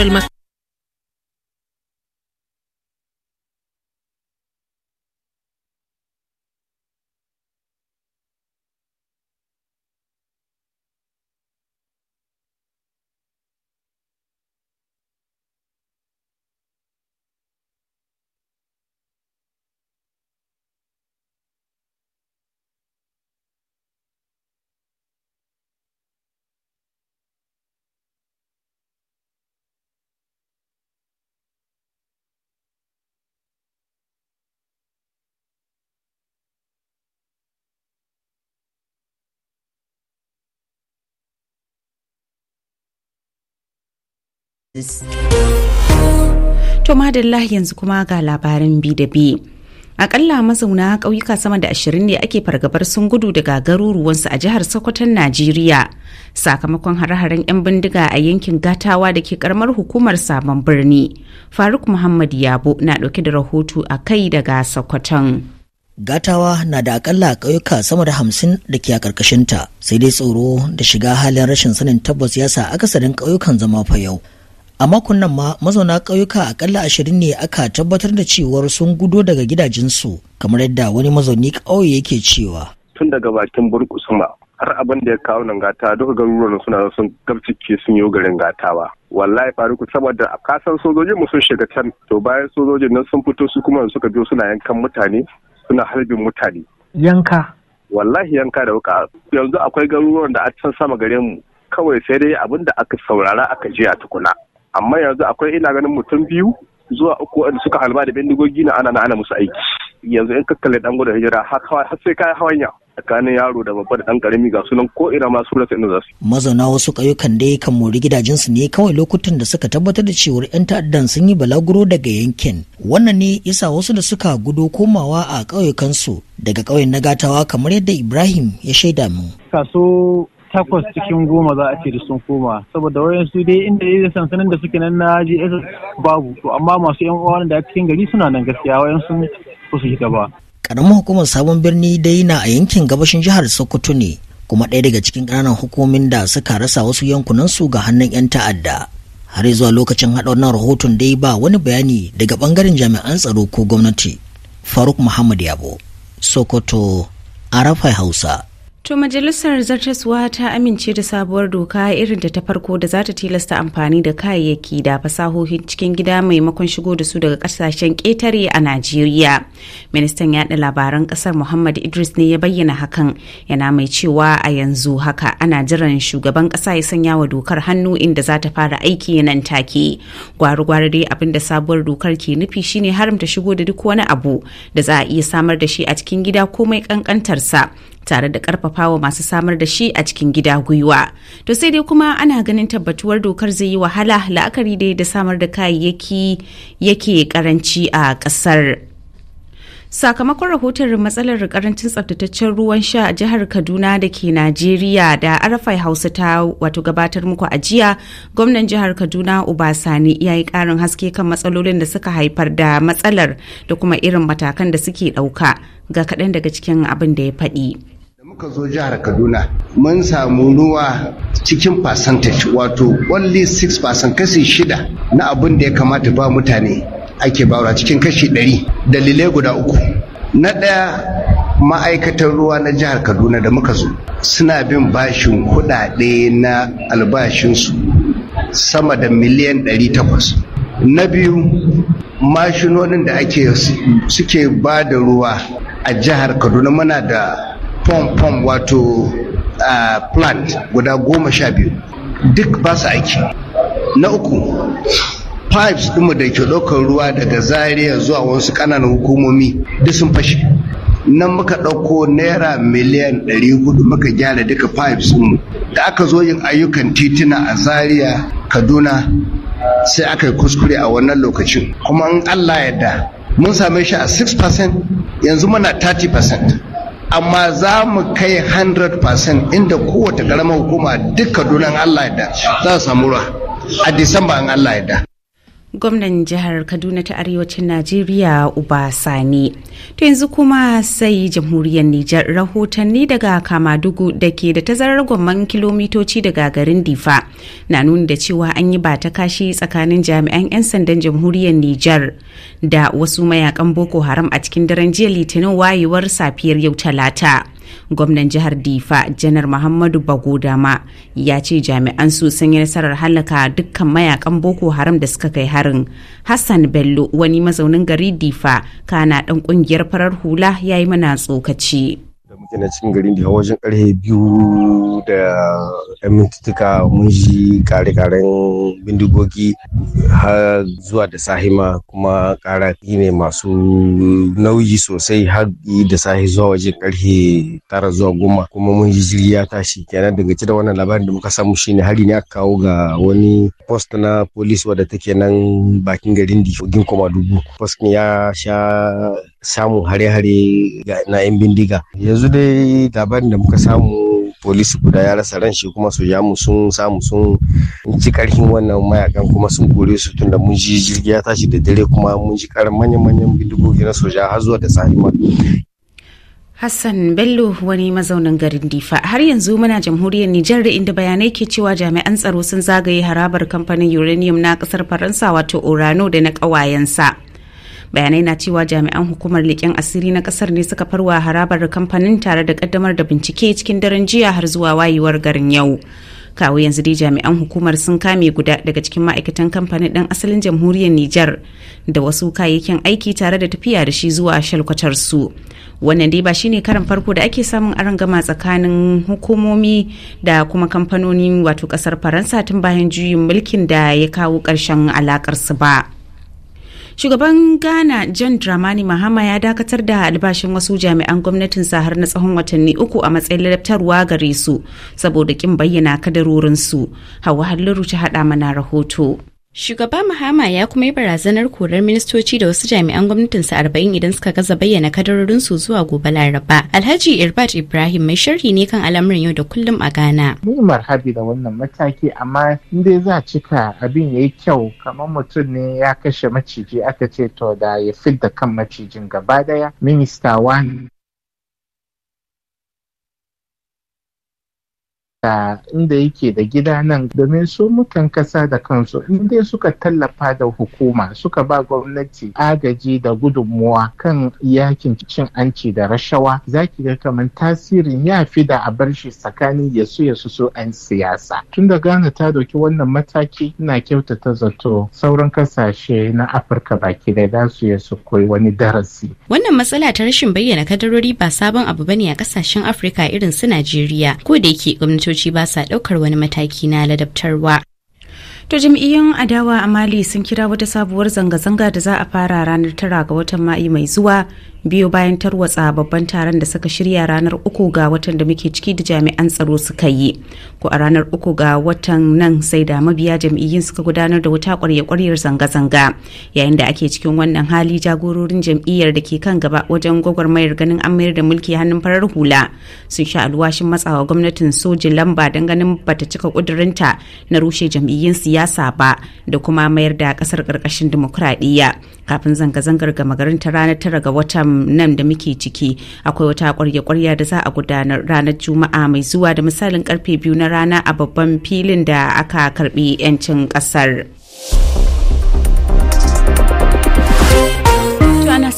El más. To madalla yanzu kuma ga labarin bi da bi. Akalla mazauna ƙauyuka sama da ashirin ne ake fargabar sun gudu daga garuruwansu a jihar Sokoton Najeriya. Sakamakon hare-haren 'yan bindiga a yankin gatawa da ke karamar hukumar sabon birni. Faruk Muhammad Yabo na ɗauke da rahoto a kai daga Sokoton. gatawa na da akalla ƙauyuka sama da hamsin da ke a ƙarƙashinta sai dai tsoro da shiga halin rashin sanin tabbas ya sa akasarin ƙauyukan zama fa yau a makon nan ma mazauna ƙauyuka akalla ashirin ne aka tabbatar da cewar sun gudo daga gidajensu kamar yadda wani mazauni ƙauye yake cewa tun daga bakin burkusuma har abin da ya kawo nan gata duka garuruwan suna sun gabcike sun yi garin gatawa. wallahi faruku saboda a kasan sojojin mu sun shiga can to bayan sojojin nan sun fito su kuma suka biyo suna yankan mutane suna harbin mutane yanka wallahi yanka da wuka yanzu akwai garuruwan da a can sama garin mu kawai sai dai abin da aka saurara aka jiya a tukuna amma yanzu akwai ina ganin mutum biyu zuwa uku wanda suka halba da bindigo na ana ana musu aiki yanzu in kakkale dan gudun hijira har sai kai hawanya tsakanin yaro da babba da dan karami ga sunan ko ina ma su rasa inda za su mazauna wasu kayukan dai kan mori gidajensu ne kawai lokutan da suka tabbatar da cewar yan ta'addan sun yi balaguro daga yankin wannan ne yasa wasu da suka gudo komawa a ƙauyukansu daga kauyen na gatawa kamar yadda ibrahim ya shaida mu kaso takwas cikin goma za a ce da sun koma saboda wayan su dai inda ya sansanin da suke nan na js babu to amma masu yan uwa da cikin gari suna nan gaskiya wayan sun ba su shiga ba karamin hukumar sabon birni dai na a yankin gabashin jihar sokoto ne kuma ɗaya daga cikin ƙananan hukumomin da suka rasa wasu yankunan su ga hannun 'yan ta'adda har zuwa lokacin haɗa wannan rahoton dai ba wani bayani daga ɓangaren jami'an tsaro ko gwamnati faruk muhammad yabo sokoto arafai hausa To majalisar zartaswa ta amince da sabuwar doka irin da ta farko da za ta tilasta amfani da kayayyaki da fasahohin cikin gida maimakon shigo da su daga kasashen ƙetare a Najeriya. Ministan yaɗa labaran ƙasar Muhammad Idris ne ya bayyana hakan yana mai cewa a yanzu haka ana jiran shugaban ƙasa ya sanya wa dokar hannu inda za ta fara aiki nan take. Gwaru gwaru dai abin da sabuwar dokar ke nufi shine haramta shigo da duk wani abu da za a iya samar da shi a cikin gida komai ƙanƙantarsa tare da karfafawa masu samar da shi a cikin gida gwiwa to sai dai kuma ana ganin tabbatuwar dokar zai yi wahala la'akari dai da samar da kayayyaki yake karanci a kasar sakamakon rahoton matsalar karancin tsaftataccen ruwan sha a jihar kaduna da ke najeriya da arafai hausa ta wato gabatar muku a jiya gwamnan jihar kaduna obasani ya yi karin haske kan matsalolin da suka haifar da matsalar da kuma irin matakan da suke ɗauka ga kaɗan daga cikin abin da ya faɗi muka zo jihar kaduna mun samu ruwa cikin percentage wato only 6% kashi shida na abin da ya kamata ba mutane ake bawa cikin kashi ɗari dalilai guda uku na ɗaya ma'aikatan ruwa na jihar kaduna da muka zo suna bin bashin kuɗaɗe na albashinsu sama da miliyan ɗari takwas. na biyu mashinonin da ake suke ba da ruwa a jihar kaduna muna da pom-pom wato plant guda goma sha biyu duk ba su aiki na uku pipes ɗinmu da ke ɗaukar ruwa daga zaria zuwa wasu kananan hukumomi duk sun fashe nan muka ɗauko naira miliyan 400 muka gyara duka pipes mu da aka zo yin ayyukan titina a zaria kaduna sai aka yi kuskure a wannan lokacin kuma in allah yadda mun same shi a 6% yanzu muna 30% amma za mu kai 100% inda kowace ƙaramar hukuma duk kaduna allah yadda za su samu ruwa a disamba in allah yadda gwamnan jihar kaduna ta arewacin najeriya uba sani to yanzu kuma sai jamhuriyar nijar rahotanni daga kamadugu da ke da tazarar gwamman kilomitoci daga garin difa na nuni da cewa an yi ba ta kashi tsakanin jami'an 'yan sandan jamhuriyar nijar da wasu mayakan boko haram a cikin daren jiya litinin wayewar safiyar yau talata gwamnan jihar difa janar muhammadu bagodama ya ce jami'an su sun yi nasarar halaka dukkan mayakan boko haram da suka kai harin hassan bello wani mazaunin gari difa kana dan kungiyar farar hula ya yi mana tsokaci muke na cikin garin da wajen karfe biyu da yan mintuttuka mun ji kare-karen bindigogi har zuwa da sahima kuma kara ne masu nauyi sosai har da sahi zuwa wajen karfe tara zuwa goma kuma mun ji jirgi ya tashi kenan daga da wannan labarin da muka samu shine hari ne aka kawo ga wani post na police wadda take nan bakin garin di gin koma dubu post ya sha samun hare-hare na yan bindiga yanzu dai labarin da muka samu polisi guda ya rasa ran shi kuma sojamu sun samu sun ci karfin wannan mayakan kuma sun kore su tunda mun ji jirgi ya tashi da dare kuma mun ji karin manyan-manyan bindigogi na soja har zuwa da tsarima Hassan Bello wani mazaunin garin Difa har yanzu muna jamhuriyar Nijar da inda bayanai ke cewa jami'an tsaro sun zagaye harabar kamfanin uranium na kasar Faransa wato Orano da na ƙawayensa. bayanai na cewa jami'an hukumar leƙen asiri na kasar ne suka farwa harabar kamfanin tare da kaddamar da bincike cikin daren jiya har zuwa wayewar garin yau kawo yanzu dai jami'an hukumar sun kame guda daga cikin ma'aikatan kamfanin ɗan asalin jamhuriyar Nijar da wasu kayayyakin aiki tare da tafiya da shi zuwa shalkwatar su. Wannan dai ba shine karin farko da ake samun aron gama tsakanin hukumomi da kuma kamfanoni wato kasar Faransa tun bayan juyin mulkin da ya kawo ƙarshen alakar su ba. Shugaban Ghana John Dramani Mahama ya dakatar da albashin wasu jami'an gwamnatin sahar na tsawon watanni uku a matsayin ladabtarwa gare su saboda kin bayyana kadarorinsu. Hawa Halliru ta hada mana rahoto. Shugaba Mahama ya kuma yi barazanar korar ministoci da wasu jami'an gwamnatinsa arba'in idan suka gaza bayyana su zuwa gobe Laraba. Alhaji Irbat Ibrahim mai sharhi ne kan al'amuran yau da kullum a Ghana. Ni marhabi da wannan mataki amma in za a cika abin yayi kyau kamar mutum ne ya kashe maciji aka ce to da ya fidda kan macijin gaba daya minista wani da inda yake da gida nan domin su mutan kasa da kansu inda suka tallafa da hukuma suka ba gwamnati agaji da gudunmuwa kan yakin cin anci da rashawa za ki ga kamar tasirin ya fi da a bar shi tsakanin yasu ya su an siyasa tun da ghana ta doki wannan mataki na kyautata zato sauran kasashe na afirka baki da za su su koyi wani darasi wannan matsala ta rashin bayyana kadarori ba sabon abu bane a kasashen afirka irin su najeriya ko da yake gwamnati gwamnatoci ba sa ɗaukar wani mataki na ladabtarwa To jam'iyyun adawa a Mali sun kira wata sabuwar zanga-zanga da za a fara ranar tara ga watan Mayu mai zuwa biyu bayan tarwatsa babban taron da suka shirya ranar uku ga watan da muke ciki da jami'an tsaro suka yi. Ko a ranar uku ga watan nan sai da mabiya jam'iyyun suka gudanar da wuta kwarya-kwaryar zanga-zanga. Yayin da ake cikin wannan hali jagororin jam'iyyar da ke kan gaba wajen gwagwarmayar ganin an mayar da mulki hannun farar hula sun sha alwashin matsawa gwamnatin sojin lamba don ganin bata cika kudurinta na rushe jam'iyyun siyasa siyasa ba da kuma mayar da kasar karkashin dimokuraɗiyya kafin zanga-zangar gama garin ta ranar tara ga watan nan da muke ciki akwai wata kwarya-kwarya da za a gudanar ranar juma'a mai zuwa da misalin karfe biyu na rana a babban filin da aka karbi 'yancin kasar.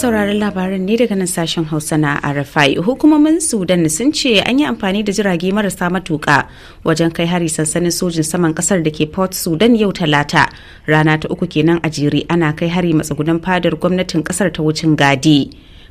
sauraron labarin ne daga nan sashen Hausa na RFI. Hukumomin Sudan sun ce an yi amfani da jirage marasa matuka wajen kai hari sansanin sojin saman kasar da ke Port Sudan yau Talata. Rana ta uku kenan a jere ana kai hari matsugunan fadar gwamnatin kasar ta wucin gadi.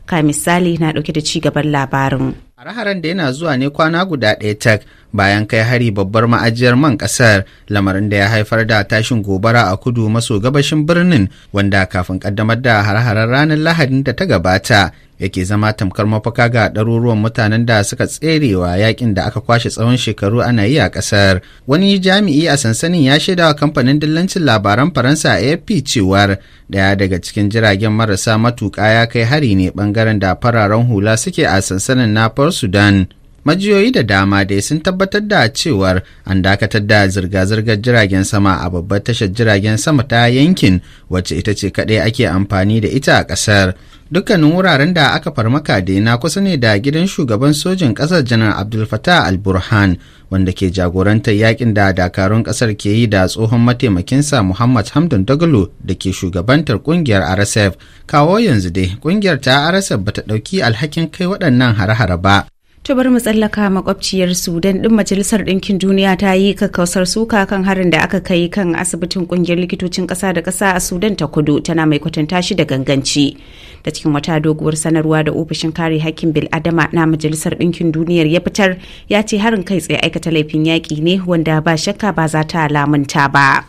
Ka misali na dauke da ci gaban labarin. Hare-haren da yana zuwa ne kwana guda ɗaya tak bayan kai hari babbar ma'ajiyar man kasar lamarin da ya haifar da tashin gobara a kudu maso gabashin birnin wanda kafin kaddamar da har-harar ranar lahadin da ta gabata yake zama tamkar mafaka ga ɗaruruwan mutanen da suka tserewa yakin da aka kwashe tsawon shekaru ana yi a ƙasar wani jami'i a sansanin ya shaida kamfanin dillancin labaran faransa afp cewar ɗaya daga cikin jiragen marasa matuƙa ya kai hari ne ɓangaren da fararen hula suke a sansanin na sudan majiyoyi da dama dai sun tabbatar da cewar an dakatar da zirga-zirgar jiragen sama a babbar tashar jiragen sama ta yankin wacce ita ce kaɗai ake amfani da ita a ƙasar dukkanin wuraren da aka farmaka dai na kusa ne da gidan shugaban sojin ƙasar janar abdul fatah al-burhan wanda ke jagorantar yakin da dakarun ƙasar ke yi da tsohon mataimakinsa muhammad hamdan dagalo da ke shugabantar ƙungiyar rsf kawo yanzu dai ƙungiyar ta rsf bata ɗauki alhakin kai waɗannan hare-hare ba To bari mu tsallaka makwabciyar Sudan din Majalisar Ɗinkin Duniya ta yi kakkausar suka kan harin da aka kai kan asibitin kungiyar likitocin ƙasa da ƙasa a Sudan ta kudu tana mai kwatanta shi da ganganci. Da cikin wata doguwar sanarwa da ofishin kare hakkin adama na Majalisar Ɗinkin Duniyar ya fitar ya ce harin kai tsaye aikata laifin yaƙi ne wanda ba shakka ba za ta lamunta ba.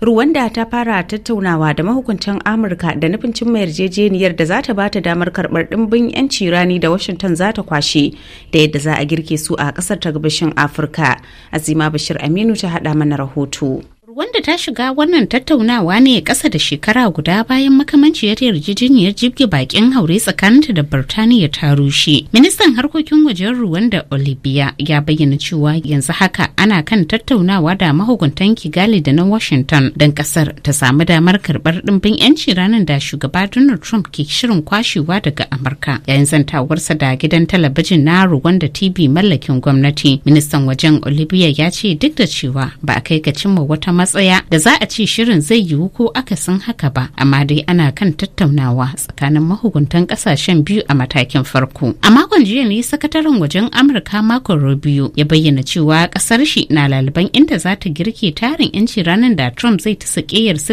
Ruwanda ta fara tattaunawa da mahukuntan Amurka da nufin cimma yarjejeniyar da za ta ba ta damar karɓar ɗimbin 'yanci rani da Washington za ta kwashe da yadda za a girke su a ƙasar ta gabashin Afirka. Azima Bashir Aminu ta haɗa mana rahoto. wanda ta shiga wannan tattaunawa ne ƙasa da shekara guda bayan makamanciyar yarjejeniyar jibge bakin haure tsakaninta da Birtaniya ta rushe. Ministan harkokin wajen ruwan da Olivia ya bayyana cewa yanzu haka ana kan tattaunawa da mahukuntan Kigali da na Washington don ƙasar ta samu damar karɓar ɗimbin 'yanci ranar da shugaba Donald Trump ke shirin kwashewa daga Amurka. Yayin zantawarsa da gidan talabijin na ruwan da TV mallakin gwamnati, ministan wajen Olivia ya ce duk da cewa ba a kai ga cimma wata matsaya da za a ce shirin zai yiwu ko akasin haka ba amma dai ana kan tattaunawa tsakanin mahukuntan kasashen biyu a matakin farko a makon jiya ne sakataren wajen amurka makon rubio ya bayyana cewa kasar shi na laliban inda za ta girke tarin yanci ranar da trump zai ta su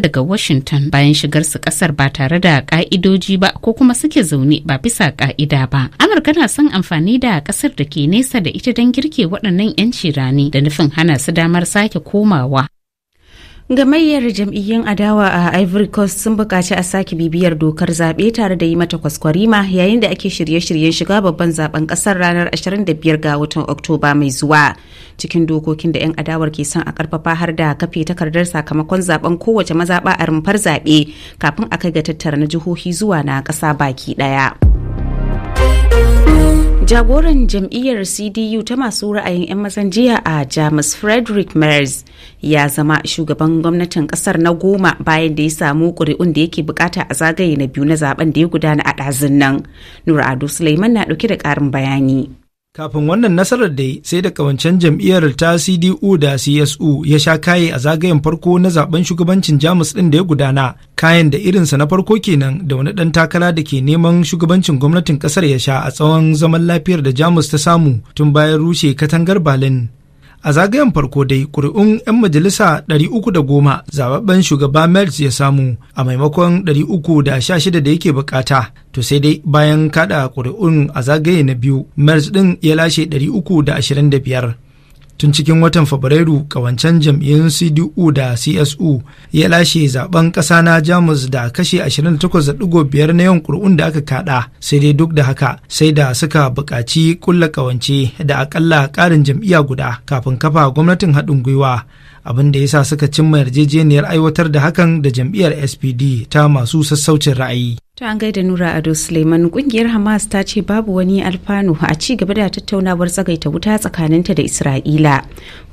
daga washington bayan shigar su kasar ba tare da ka'idoji ba ko kuma suke zaune ba bisa ka'ida ba amurka na son amfani da kasar da ke nesa da ita don girke waɗannan yanci rani da nufin hana su damar sake komawa Gamayyar jam'iyyun adawa a Ivory Coast sun buƙaci a sake bibiyar dokar zaɓe tare da yi mata kwaskwarima yayin da ake shirye-shiryen shiga babban zaben ƙasar ranar 25 ga watan Oktoba mai zuwa. Cikin dokokin da 'yan adawar ke son a karfafa har da kafe takardar sakamakon zaben kowace mazaɓa a rumfar zaɓe kafin a kai ga tattara na jihohi zuwa na ƙasa baki ɗaya. jagoran jam'iyyar cdu ta masu ra'ayin 'yan mazan jiya a jamus frederick mers ya zama shugaban gwamnatin kasar na goma bayan da ya samu ƙuri'un da yake bukata a zagaye na biyu na zaben da ya gudana a ɗazun nan nura ado suleiman na ɗauke da ƙarin bayani kafin wannan nasarar dai sai da kawancen jam'iyyar ta cdu da csu ya sha kaye a zagayen farko na zaben shugabancin jamus ɗin da ya gudana kayan da irinsa na farko kenan da wani ɗan takara da ke neman shugabancin gwamnatin ƙasar ya sha a tsawon zaman lafiyar da jamus ta samu tun bayan rushe katangar berlin a zagayen farko dai kuri'un 'yan majalisa 310 zababben shugaba merz ya samu a maimakon 316 da yake bukata to sai dai bayan kada kuri'un a zagaye na biyu merz din ya lashe 325 tun cikin watan fabrairu kawancen jam'iyyun cdu da csu ya lashe zaben kasa na jamus da kashe 28.5 na yawan kur'un da aka kada sai dai duk da haka sai da suka buƙaci kulla kawance da akalla ƙarin jam'iyya guda kafin kafa gwamnatin haɗin gwiwa abin da yasa suka cimma yarjejeniyar aiwatar da hakan da jam'iyyar spd ta masu sassaucin ra'ayi ta an gaida nura ado suleiman kungiyar hamas ta ce babu wani alfanu a ci gaba da tattaunawar tsagaita wuta tsakaninta da isra'ila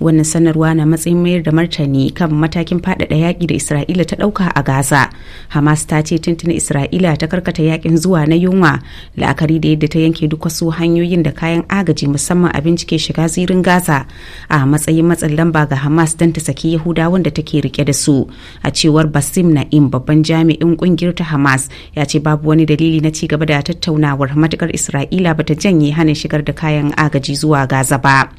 wannan sanarwa na matsayin mayar da martani kan matakin faɗaɗa yaƙi da isra'ila ta ɗauka a gaza hamas ta ce tuntuni isra'ila ta karkata yaƙin zuwa na yunwa la'akari da yadda ta yanke duk wasu hanyoyin da kayan agaji musamman abinci ke shiga zirin gaza a matsayin matsin lamba ga hamas don ta saki yahudawan da take rike da su a cewar basim na'im babban jami'in kungiyar ta hamas ya ce babu wani dalili na ci gaba da tattaunawar matukar isra'ila bata janye hana shigar da kayan agaji zuwa gaza ba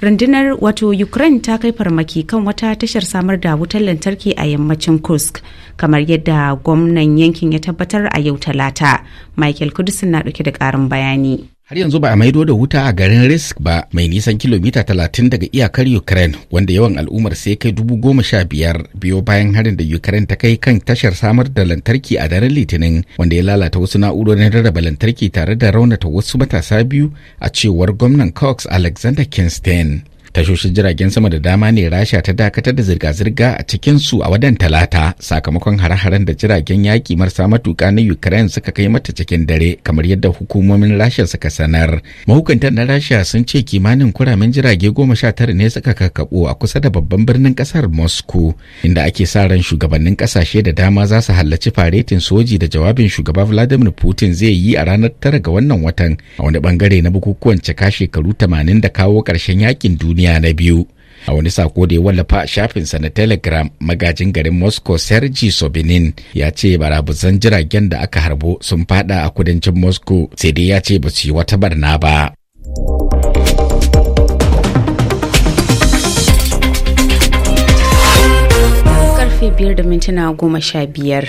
rundunar wato ukraine ta kai farmaki kan wata tashar samar da wutar lantarki a yammacin kursk kamar yadda gwamnan yankin ya tabbatar a yau talata michael kudusin na dauke da karin bayani Har yanzu ba a maido da wuta a garin Risk ba mai nisan kilomita 30 daga iyakar Ukraine wanda yawan al'ummar sai kai dubu goma sha biyar biyo bayan harin da Ukraine ta kai kan tashar samar da lantarki a daren Litinin wanda ya lalata wasu na'urorin rarraba lantarki tare da raunata wasu matasa biyu a cewar gwamnan Cox Alexander Kingston. tashoshin jiragen sama da dama ne rasha ta dakatar da zirga-zirga a cikinsu a wadan talata sakamakon hare-haren da jiragen yaƙi marasa matuƙa na ukraine suka kai mata cikin dare kamar yadda hukumomin rasha suka sanar mahukuntan na rasha sun ce kimanin kuramin jirage goma sha tara ne suka kakaɓo a kusa da babban birnin ƙasar moscow inda ake sa ran shugabannin ƙasashe da dama za su halarci faretin soji da jawabin shugaba vladimir putin zai yi a ranar tara ga wannan watan a wani bangare na bukukuwan cika shekaru 80 da kawo ƙarshen yaƙin duniya duniya na biyu a wani sako da ya wallafa shafinsa na telegram magajin garin moscow sergi sobinin ya ce barabuzan jiragen da aka harbo sun fada a kudancin moscow sai dai ya ce ba su yi wata barna ba karfe biyar da mintuna goma sha biyar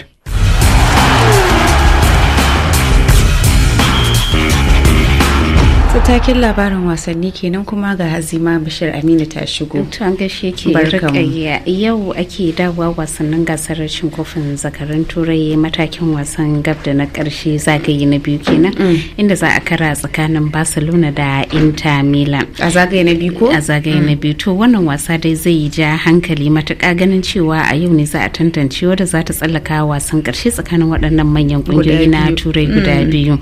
takin labarin wasanni kenan kuma ga hazima bashir aminu ta shigo an gashe ke yau ake dawowa wasannin gasar rashin kofin zakarin turai matakin wasan gab da na karshe zagaye na biyu kenan mm. inda za a kara tsakanin barcelona da inter milan a zagaye na biyu ko a zagaye na mm. biyu to wannan wasa dai zai yi ja hankali matuƙa ganin cewa a yau ne za a tantance wadda za ta tsallaka wasan karshe tsakanin waɗannan manyan ƙungiyoyi na turai guda mm. biyu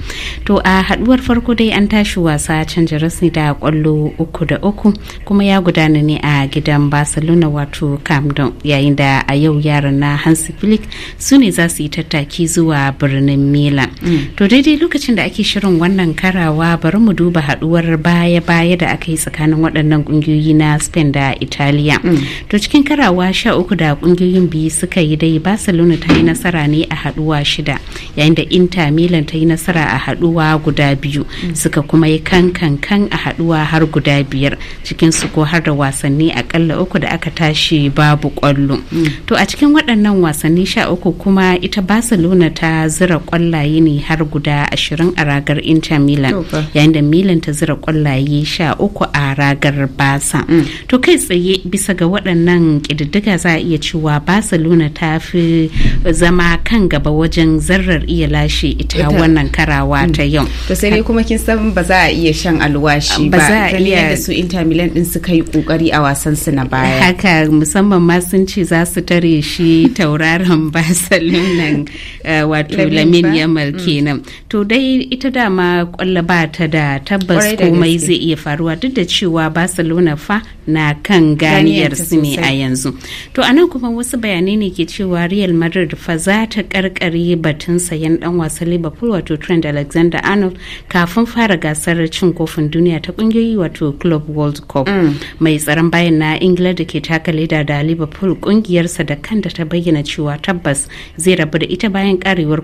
to a haɗuwar farko dai an tashi wasa wasa canja rasni da kwallo uku da uku kuma ya gudana ne a gidan barcelona wato camden yayin da a yau yaran na hansi flick su ne za su yi tattaki zuwa birnin milan mm. to daidai lokacin da ake shirin wannan karawa bari mu duba haduwar baya-baya da aka yi tsakanin waɗannan ƙungiyoyi na spain da italiya mm. to cikin karawa sha uku da ƙungiyoyin biyu suka yi dai barcelona ta yi nasara ne a haduwa shida yayin da inter milan ta yi nasara a haduwa guda biyu mm. suka kuma yi kan kan kan a haduwa har guda biyar cikin su ko har da wasanni akalla uku da aka tashi babu kwallo mm. to a cikin waɗannan wasanni sha uku kuma ita barcelona ta zira kwallaye ne har guda ashirin a ragar inter milan yayin da milan ta zira kwallaye sha uku a ragar basa mm. to kai tsaye bisa ga waɗannan ƙididdiga za a iya cewa barcelona ta fi zama kan gaba wajen zarrar iya lashe ita wannan karawa ta mm. yau to sai kuma kin san ba za a iya shan alwashi ba za a iya da su inter milan din suka yi kokari a wasan su na baya haka musamman ma sun ce za su tare shi tauraron nan eh, wato lamin yamal mm. kenan to dai ita dama kwallo ba ta da tabbas komai zai iya faruwa duk da cewa barcelona fa na kan ganiyar su ne a yanzu to a anan kuma wasu bayanai ne ke cewa real madrid fa za ta karkare batun sayan dan wasan liverpool wato trent alexander arnold kafin fara gasar cin kofin duniya ta kungiyoyi wato club world cup mm. mai tsaron bayan na ingila da ke taka leda da liverpool kungiyarsa da kanta ta bayyana cewa tabbas zai rabu da ita bayan karewar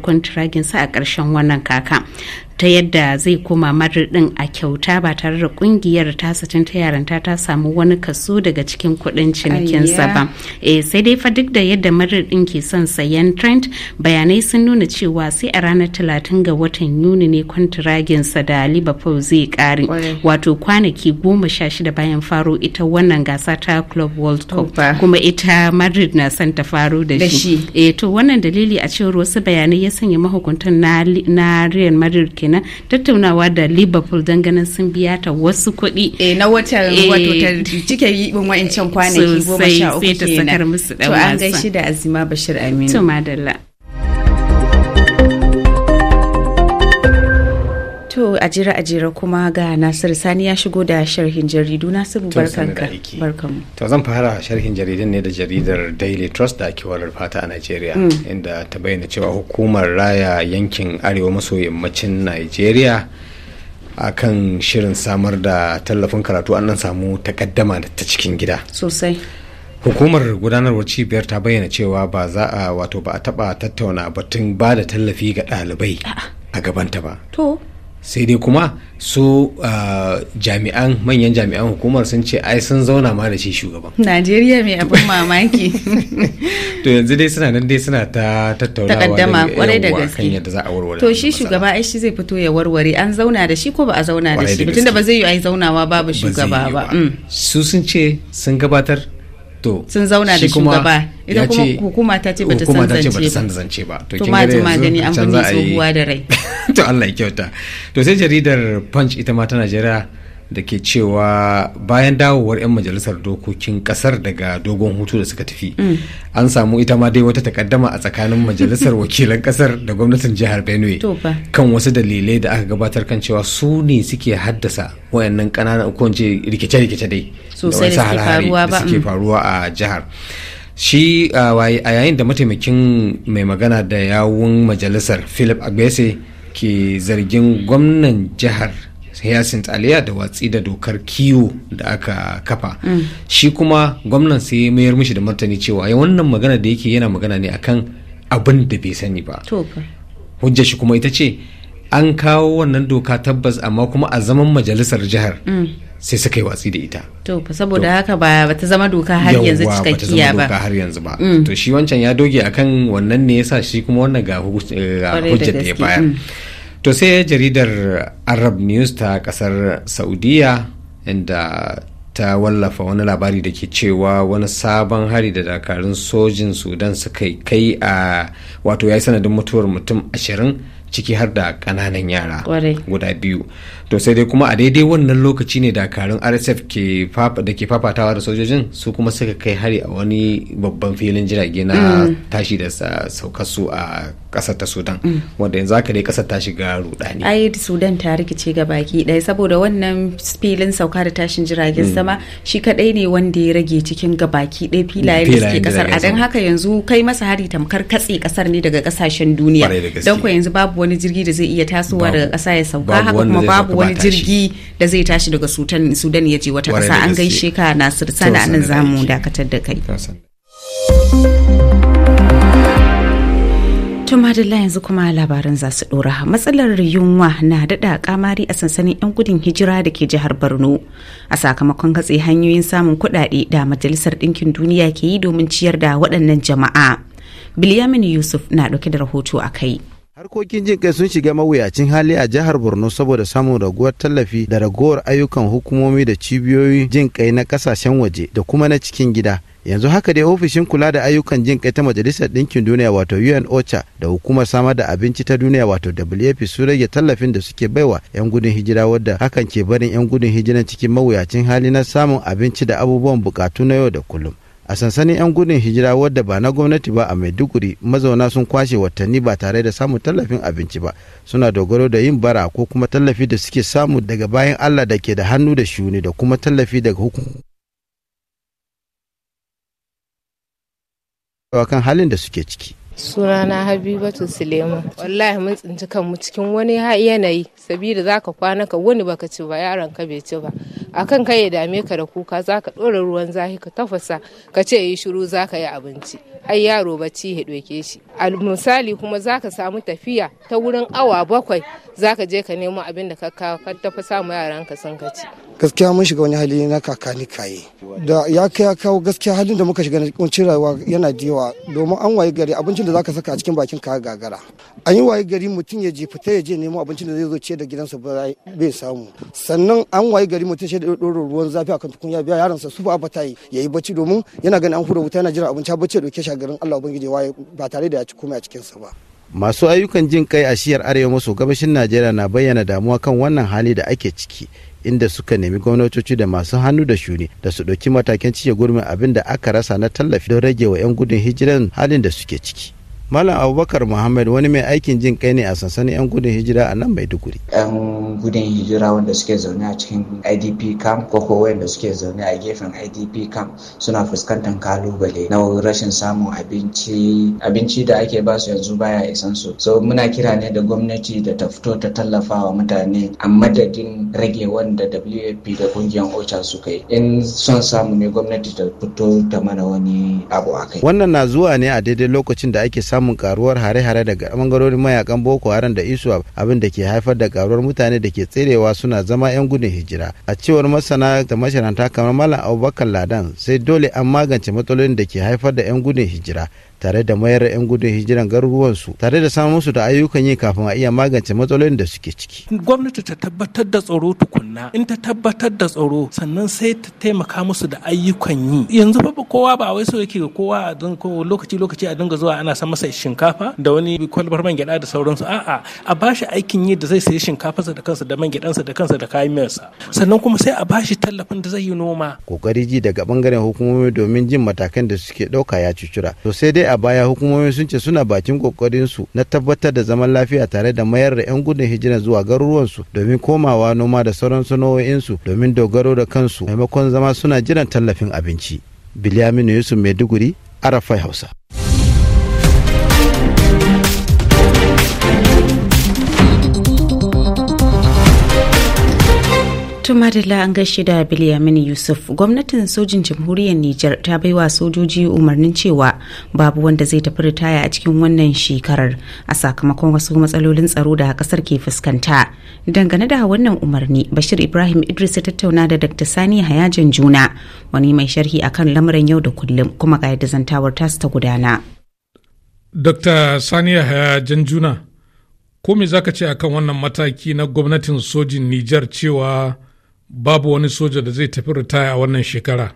sa a ƙarshen wannan kaka ta yadda zai koma madrid din a kyauta ba tare da kungiyar satin ta yaranta ta samu wani kaso daga cikin kuɗin cinikinsa ba eh sai dai fa duk da yadda madrid din ke son sayan trend bayanai sun nuna cewa sai a ranar talatin ga watan yuni ne sa da liverpool zai kare wato kwanaki goma sha shida bayan faro ita wannan gasa ta club world cup kuma ita madrid na son ta faro da shi eh to wannan dalili a cewar wasu bayanai ya sanya mahukuntan na real madrid kenan kenan tattaunawa da liverpool don ganin sun biya ta wasu kuɗi eh na watan eh, wato ta cike yibin wa'ancan kwanaki goma sha uku kenan to an gaishe da azima bashir aminu to madalla To a jira a jira kuma ga Nasiru Sani ya shigo da sharhin jaridu Nasiru barkanka. Barkanmu. To zan fara sharhin jaridun ne da jaridar Daily Trust da ake warar fata a Najeriya mm. inda ta bayyana cewa hukumar raya yankin arewa maso yammacin Najeriya a kan shirin samar da tallafin karatu an nan samu takaddama da ta cikin gida. Sosai. hukumar gudanarwar cibiyar ta bayyana cewa ba za a wato ba a taba tattauna batun ba da tallafi ga ɗalibai a gabanta ba to sai dai kuma su ah, jami'an manyan jami'an hukumar sun ce ai sun zauna ma da shi shugaban najeriya mai abin mamaki to yanzu dai suna nan dai suna ta tattaunawa da kwarai da gaske yadda za a warware to shi shugaba ai shi zai fito ya warware an zauna da shi ko ba a zauna da shi tunda ba zai yi ai zaunawa babu shugaba ba mm. su sun ce sun gabatar to sun zauna da shugaba idan kuma ta ce ba ta san ba to magani an tsohuwa da rai to Allah ya kyauta to sai jaridar punch ita ma ta Najeriya da ke cewa bayan dawowar 'yan majalisar dokokin kasar daga dogon hutu da suka tafi mm. an samu ita ma dai wata takaddama a tsakanin majalisar wakilan kasar da gwamnatin jihar benue kan wasu dalilai da aka gabatar kan cewa su ne suke haddasa wayannan kananan ko rikice-rikice dai da wasu harare da suke mm. faruwa a jihar shi a yayin da mataimakin mai magana da yawun majalisar philip agbese ke zargin gwamnan jihar hyacinth aliya da watsi da dokar kiwo da aka kafa mm. shi kuma gwamnan sai mayar mishi da martani cewa ya wannan magana da yake yana magana ne akan abin da bai sani ba hujjar shi kuma ita ce an kawo wannan doka tabbas amma kuma a zaman majalisar jihar mm. sai suka yi watsi da ita to saboda haka ba ta zama doka har yanzu cikakkiya ba ba har yanzu ba mm. to shi wancan ya doge akan wannan ne yasa shi kuma wannan ga eh, hujjar da ya baya. Mm. to sai jaridar arab news ta kasar saudiya inda ta wallafa wani labari da ke cewa wani sabon hari da dakarun sojin sudan suka kai a wato ya yi sanadin mutuwar mutum ashirin ciki har da kananan yara guda biyu to sai dai kuma a daidai wannan lokaci ne dakarun rsf da ke fafatawa da sojojin su kuma suka kai hari a wani babban filin jirage na mm. tashi da saukar su a kasar ta sudan mm. wanda yanzu aka dai kasar ta shiga rudani ai sudan ta rikice ga baki ɗaya saboda wannan filin sauka da tashin jiragen mm. sama shi kadai ne wanda ya rage cikin ga baki ɗaya filayen da suke kasar a dan haka yanzu kai masa hari tamkar katse kasar ne daga kasashen duniya don ko yanzu babu wani jirgi da zai iya tasowa daga kasa ya sauka haka kuma babu wani jirgi da zai tashi daga sudan sudan ya je wata ƙasa an gaishe ka nasir sana anan zamu dakatar da kai da madalla yanzu kuma labaran za su dora matsalar yunwa na dada kamari a sansanin 'yan gudun hijira da ke jihar Borno a sakamakon katse hanyoyin samun kuɗaɗe da Majalisar Ɗinkin Duniya ke yi domin ciyar da waɗannan jama'a. biliyamin Yusuf na ɗauke da rahoto a kai. Harkokin jin kai sun shiga mawuyacin hali a jihar Borno saboda samun raguwar tallafi da raguwar ayyukan hukumomi da cibiyoyi jin kai na kasashen waje da kuma na cikin gida. Yanzu haka dai ofishin kula da ayyukan jin kai ta Majalisar Ɗinkin Duniya wato UN OCHA da hukumar samar da abinci ta duniya wato WFP su rage tallafin da suke baiwa 'yan gudun hijira wadda hakan ke barin 'yan gudun hijiran cikin mawuyacin hali na samun abinci da abubuwan bukatu na yau da kullum. a sansanin 'yan gudun hijira wadda ba na gwamnati ba a maiduguri mazauna sun kwashe watanni ba tare da samun tallafin abinci ba suna dogaro da yin bara ko kuma tallafi da suke samu daga bayan allah da ke da hannu da shuni da kuma tallafi daga hukumar halin da suke ciki sunana habibatu suleiman wallahi mun tsinci kanmu cikin wani yanayi sabida zaka kwana ka wani baka ci ba yaron ka bai ci ba akan kai ya dame ka da kuka zaka ɗora ruwan zahi ka tafasa ka ce yi shiru zaka yi abinci ai yaro bacci ya ɗauke shi al misali kuma zaka samu tafiya ta wurin awa bakwai zaka je ka nemo abin da ka kawo ka tafasa ma yaran ka sun ka ci gaskiya mun shiga wani hali na kakani kaye da ya kai kawo gaskiya halin da muka shiga na cikin rayuwa yana diwa domin an waye gari abincin da zaka saka a cikin bakin ka gagara an yi waye gari mutum ya je fita ya je nemo abincin da zai zo ce da gidansa bai samu sannan an waye gari mutum ya da doro ruwan zafi akan tukunya biya yaron sa su ba ta yi yayi bacci domin yana ganin an hura wuta yana jira abinci bacci ya dauke shi a garin Allah ubangiji waye ba tare da ya ci komai a cikin sa ba masu ayyukan jin kai a shiyar arewa maso gabashin najeriya na bayyana damuwa kan wannan hali da ake ciki inda suka nemi gwamnatoci da masu hannu da shuni da su ɗauki matakin cike gurbin abin da aka rasa na tallafi don rage wa 'yan gudun hijiran halin da suke ciki. Malam Abubakar Muhammad wani mai aikin jin kai ne a sansanin 'yan gudun hijira a nan Maiduguri. 'Yan gudun hijira wanda suke zaune a cikin IDP camp ko ko wanda suke zaune a gefen IDP camp suna fuskantar kalubale na rashin samun abinci abinci da ake ba su yanzu baya isan su. So muna kira ne da gwamnati da ta fito ta tallafa wa mutane a madadin rage wanda WFP da kungiyar OCHA suka yi. In son samu ne gwamnati ta fito ta mana wani abu a kai. Wannan na zuwa ne a daidai lokacin da ake samu. samun karuwar hare-hare daga bangarorin mayakan boko haram da isuwa abin da ke haifar da karuwar mutane da ke tserewa suna zama 'yan gudun hijira a cewar masana da masharanta kamar malam abubakar ladan sai dole an magance matsalolin da ke haifar da 'yan gudun hijira tare da mayar 'yan gudun hijiran garuruwan su tare da samun su da ayyukan yi kafin a iya magance matsalolin da suke ciki. Gwamnati ta tabbatar da tsaro tukunna in ta tabbatar da tsaro sannan sai ta taimaka musu da ayyukan yi. Yanzu fa kowa ba wai so yake ga kowa a lokaci lokaci a dinga zuwa ana sa masa shinkafa da wani kwalbar man gyada da sauransu a'a a bashi aikin yi da zai sayi shinkafarsa da kansa da man gyadansa da kansa da kayan sannan kuma sai a bashi tallafin da zai yi noma. Kokari ji daga bangaren hukumomi domin jin matakan da suke dauka ya cucura to sai dai a baya hukumomi sun ce suna bakin kokarin su na tabbatar da zaman lafiya tare da mayar da 'yan gudun hijira zuwa garuruwansu domin komawa noma da sauran sana'o'insu domin dogaro da kansu maimakon zama suna jiran tallafin abinci. Bilyaminu Yusuf Maiduguri, Arafai Hausa. Tuma da an gaishe da biliyamin Yusuf, gwamnatin sojin jamhuriyar Nijar ta bai wa sojoji umarnin cewa babu wanda zai tafi ritaya a cikin wannan shekarar a sakamakon wasu matsalolin tsaro da kasar ke fuskanta. Dangane da wannan umarni, Bashir Ibrahim Idris ya tattauna da Dr. Sani Hayajin Juna, wani mai sharhi akan lamuran yau da kullum kuma ga yadda zantawar tasu ta gudana. Dr. Sani Hayajin Juna, ko me zaka ce akan wannan mataki na gwamnatin sojin Nijar cewa babu wani soja da zai tafi ritaya a wannan shekara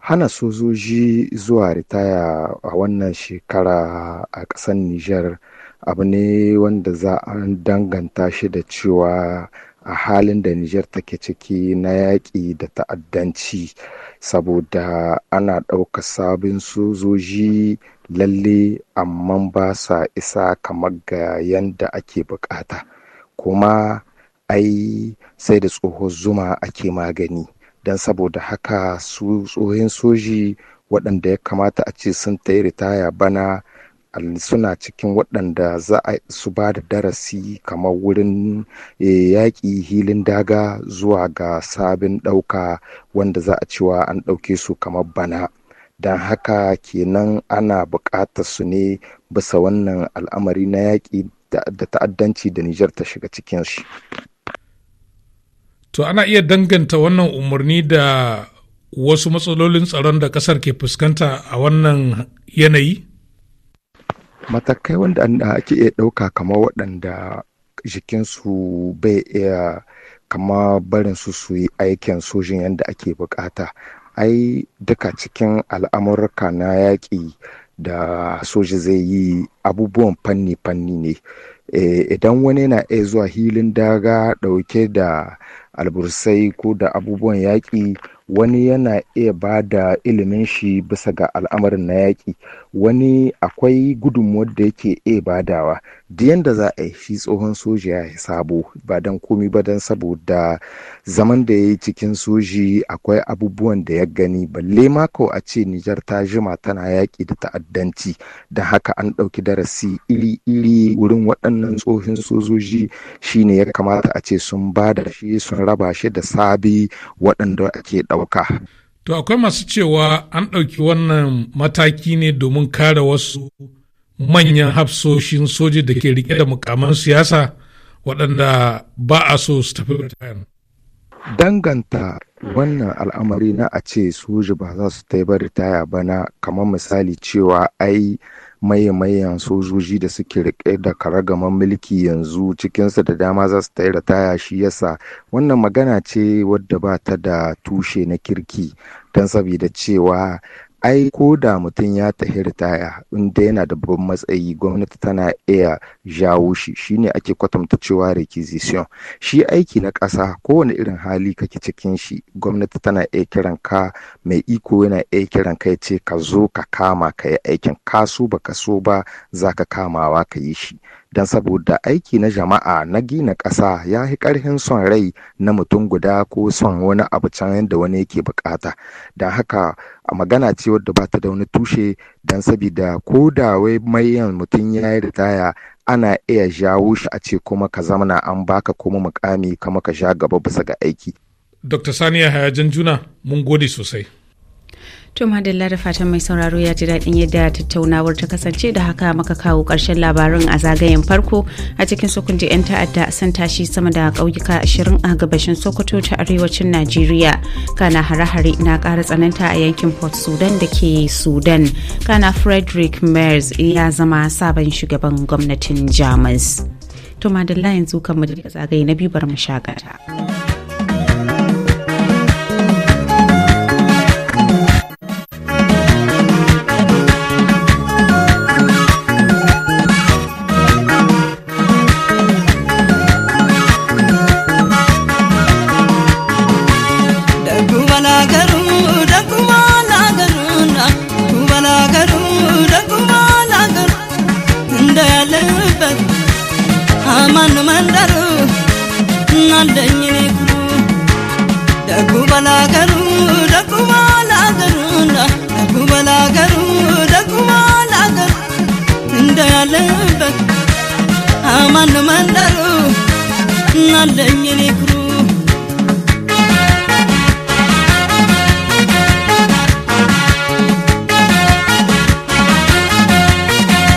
hana sojoji zuwa ritaya a wannan shekara a ƙasar Nijar abu ne wanda za a danganta shi da cewa a halin da Nijar take ciki na yaƙi da ta'addanci saboda ana ɗauka sabin sojoji lalle amma ba sa isa kamar ga yadda ake bukata kuma ai sai da tsohon zuma ake magani don saboda haka su tsohon soji waɗanda ya kamata a ce sun ta yi ritaya bana suna cikin waɗanda za a su ba da darasi kamar wurin eh, yaƙi hilin daga zuwa ga sabin ɗauka wanda za a cewa an ɗauke su kamar bana don haka kenan ana buƙatar su ne bisa wannan al'amari na yaƙi da ta'addanci da Nijar ta shiga cikin shi. to ana iya danganta wannan umarni da wasu matsalolin tsaron da kasar ke fuskanta a wannan yanayi matakai wanda ake iya ɗauka kamar waɗanda jikinsu bai iya kama barin su su yi aikin sojin yadda ake bukata ai duka cikin al'amurka na yaƙi da soji zai yi abubuwan fanni-fanni ne Eh, idan wani na iya zuwa hilin daga dauke da albursai ko da abubuwan yaƙi wani yana iya ba da ilimin shi bisa ga al'amarin na yaƙi wani akwai gudunmuwar da yake e badawa da yadda za a yi shi tsohon soji ya sabo ba don komi ba don saboda zaman da ya yi cikin soji akwai abubuwan da ya gani balle mako a ce nijar ta jima tana yaƙi da ta'addanci da haka an ɗauki darasi iri-iri wurin waɗannan tsohon sojoji shine ya kamata a ce sun bada da shi sun raba shi da sabi waɗanda ake ɗauka To akwai masu cewa an ɗauki wannan mataki ne domin kare wasu manyan hafsoshin soji da ke rike da mukaman siyasa waɗanda ba a so su tafi Birtaniya. Danganta wannan al'amari na a ce soji ba za su taiba ritaya ba na kamar misali cewa ai maye-mayen sojoji da suke rike da karagaman mulki yanzu cikinsa da dama za su tayi ritaya shi yasa wannan magana ce wadda ba ta da tushe na kirki don saboda cewa ai ko da mutum ya tafi ritaya in dai yana da babban matsayi gwamnati tana iya jawo shi shine ake kwatanta cewa requisition shi aiki na ƙasa kowane irin hali kake cikin shi gwamnati tana iya kiran ka mai iko yana iya kiran ka ce ka zo ka kama ka yi aikin ka so ba ka so ba za ka kamawa ka yi shi don saboda aiki na jama'a na gina ƙasa ya fi ƙarfin son rai na mutum guda ko son wani abu can yadda wani yake bukata da haka a magana ce wadda ba ta da wani tushe don sabida ko da wai mayan mutum ya yi ritaya ana iya jawo shi a ce kuma ka zamana an baka kuma mukami kama ka sha gaba bisa ga aiki. Dr. Saniya Hayajan Juna, mun gode sosai. To Madalla da fatan mai sauraro ya ji daɗin yadda tattaunawar ta kasance da haka maka kawo ƙarshen labarin a zagayen farko a cikin sukundi 'yan ta'adda san tashi sama da ƙauyuka ashirin a gabashin Sokoto ta arewacin Najeriya. Kana hare-hare na ƙara tsananta a yankin Port Sudan da ke Sudan. Kana Frederick Merz ya zama sabon shugaban gwamnatin Jamus. To Madalla yanzu kan mu da zagaye na biyu bar mu shakata.